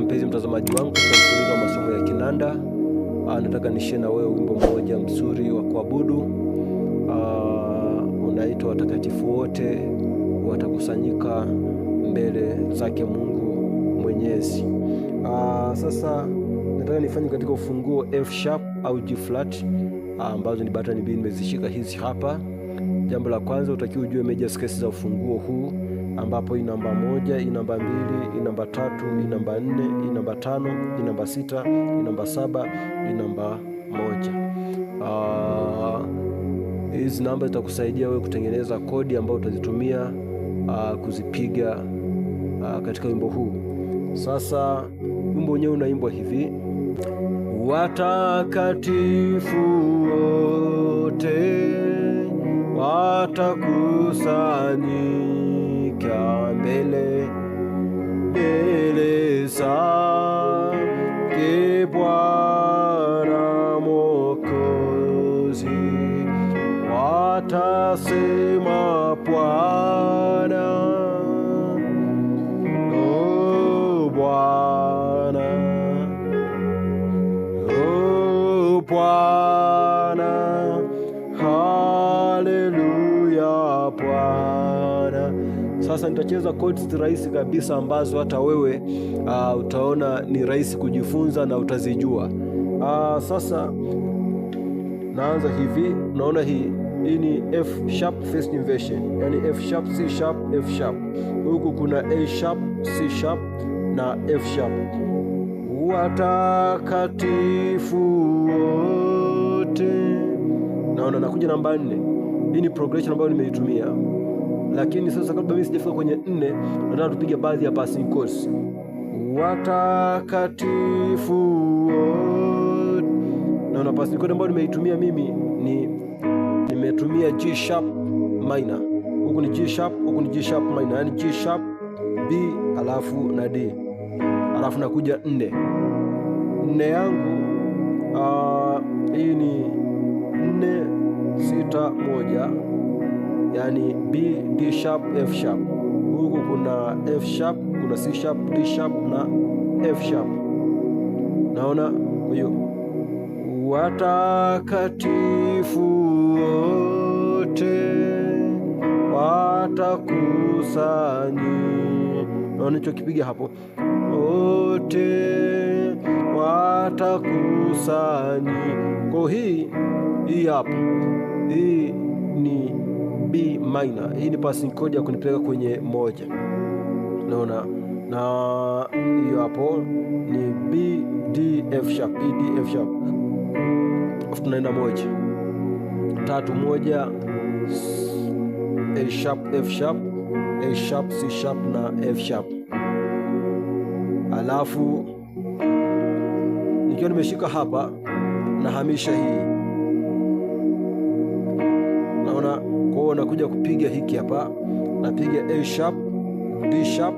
na mpenzi mtazamaji wangu, katika mfululizo wa masomo ya kinanda, ah, nataka nishie na wewe wimbo mmoja mzuri wa kuabudu ah, unaitwa watakatifu wote watakusanyika mbele zake Mungu Mwenyezi. Aa, ah, sasa nataka nifanye katika ufunguo F sharp au G flat ambazo ni batani mbili nimezishika hizi hapa. Jambo la kwanza utakiwa ujue meja skesi za ufunguo huu ambapo i namba moja, i namba mbili, i namba tatu, i namba nne, i namba tano, i namba sita, i namba saba, i namba moja. Ah, hizi namba zitakusaidia wewe kutengeneza kodi ambayo utazitumia uh, kuzipiga uh, katika wimbo huu. Sasa wimbo wenyewe unaimbwa hivi: watakatifu wote watakusanyia mêlée, mêlée ça que boira mocosi, wata se ma oh buana, oh buana, hallelujah buana. Sasa nitacheza chords rahisi kabisa ambazo hata wewe uh, utaona ni rahisi kujifunza na utazijua. Uh, sasa naanza hivi, unaona hii hii ni F sharp first inversion, yani F sharp C sharp F sharp. Huku kuna A sharp C sharp na F sharp. Watakatifu wote, naona nakuja namba nne. Hii ni progression ambayo nimeitumia lakini sasa kabla mimi sijafika kwenye nne, nataka tupige baadhi ya passing chords. Watakatifu wote, na na passing chord ambayo nimeitumia mimi ni nimetumia G sharp minor, huku ni G sharp, huku ni G sharp minor, yani G sharp B alafu na D alafu nakuja nne nne yangu ah, hii uh, ni nne sita moja yani B, D sharp, F sharp. Huku kuna F sharp, kuna C sharp, D sharp na F sharp. Naona huyo watakatifu wote watakusanyi. Naona kipiga hapo, wote watakusanyi. Kwa hii hii hapa, hii ni B minor. Hii ni passing chord ya kunipeleka kwenye moja, naona na hiyo hapo ni B D F sharp, B e, D F sharp, afu tunaenda moja tatu moja A sharp F sharp A sharp C sharp na F sharp, alafu nikiwa nimeshika hapa na hamisha hii hiyo nakuja kupiga hiki hapa, napiga A sharp, B sharp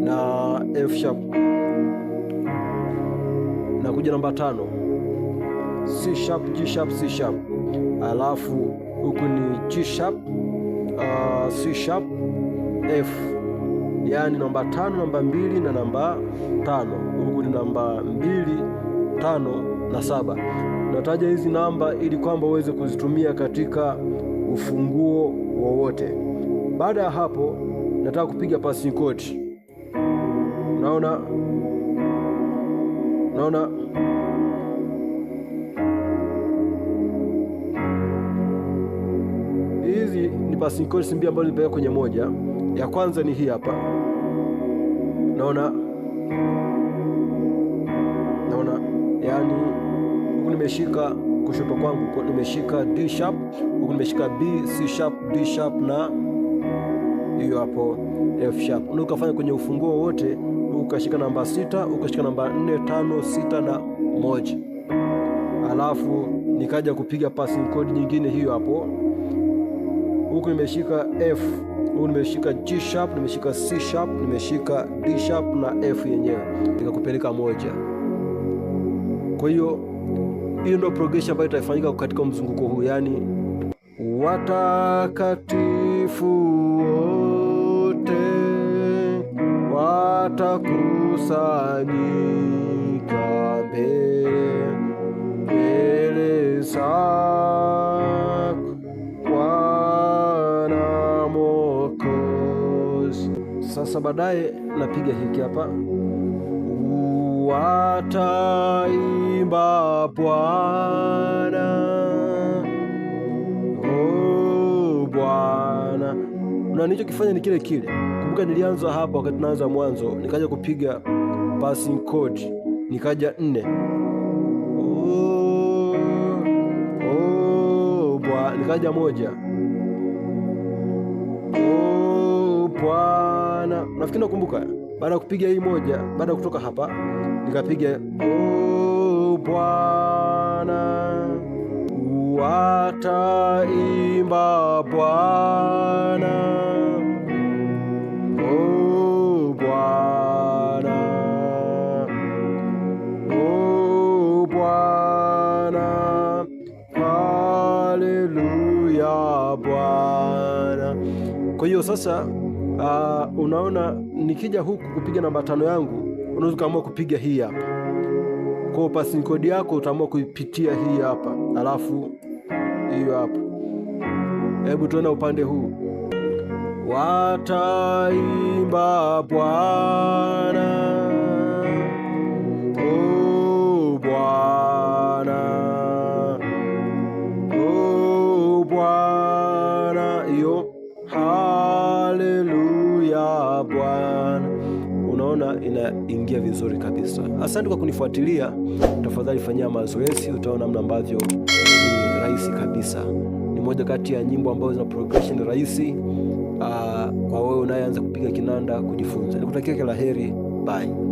na F sharp. Nakuja namba tano, C sharp, G sharp, C sharp, alafu huku ni G sharp, uh, C sharp, F yaani namba tano, namba mbili na namba tano. Huku ni namba mbili, tano na saba. Nataja hizi namba ili kwamba uweze kuzitumia katika ufunguo wowote. Baada ya hapo, nataka kupiga passing chord. Unaona, unaona hizi ni passing chords mbili ambazo nipeleka kwenye moja. Ya kwanza ni hii hapa, naona naona, yani huku nimeshika kushoto kwangu kwa nimeshika D sharp, huko nimeshika B, C sharp, D sharp na hiyo hapo F sharp. Na ukafanya kwenye ufunguo wote, ukashika namba sita, ukashika namba nne, tano, sita na moja, alafu nikaja kupiga passing code nyingine hiyo hapo, huku nimeshika F huu nimeshika G sharp, nimeshika C sharp, nimeshika D sharp na F yenyewe nikakupeleka moja. Kwa hiyo hiyo ndio progression ambayo itafanyika katika mzunguko huu, yaani watakatifu wote watakusanyika mbele mbele zako Bwana Mwokozi. Sasa baadaye napiga hiki hapa wataimba Bwana. O Bwana. Na kifanya ni kile kile. Kumbuka nilianza hapa wakati naanza mwanzo, nikaja kupiga passing code nikaja nne. Oh, oh, Bwana, nikaja moja. Bwana. Nafikiri nakumbuka. Baada ya kupiga hii moja, baada ya kutoka hapa nikapiga oh, Bwana wataimba imba oh, oh, Bwana haleluya Bwana. Kwa hiyo sasa, uh, unaona nikija huku kupiga namba tano yangu unaweza ukaamua kupiga hii hapa kwa passing code yako utaamua kuipitia hii hapa, alafu hiyo hapa. Hebu tuona upande huu, wataimba Bwana vizuri kabisa. Asante kwa kunifuatilia. Tafadhali fanyia mazoezi, utaona namna ambavyo eh, ni rahisi kabisa. Ni moja kati ya nyimbo ambazo zina progression rahisi ah, kwa wewe unayeanza kupiga kinanda kujifunza. Nikutakia kila heri, bye.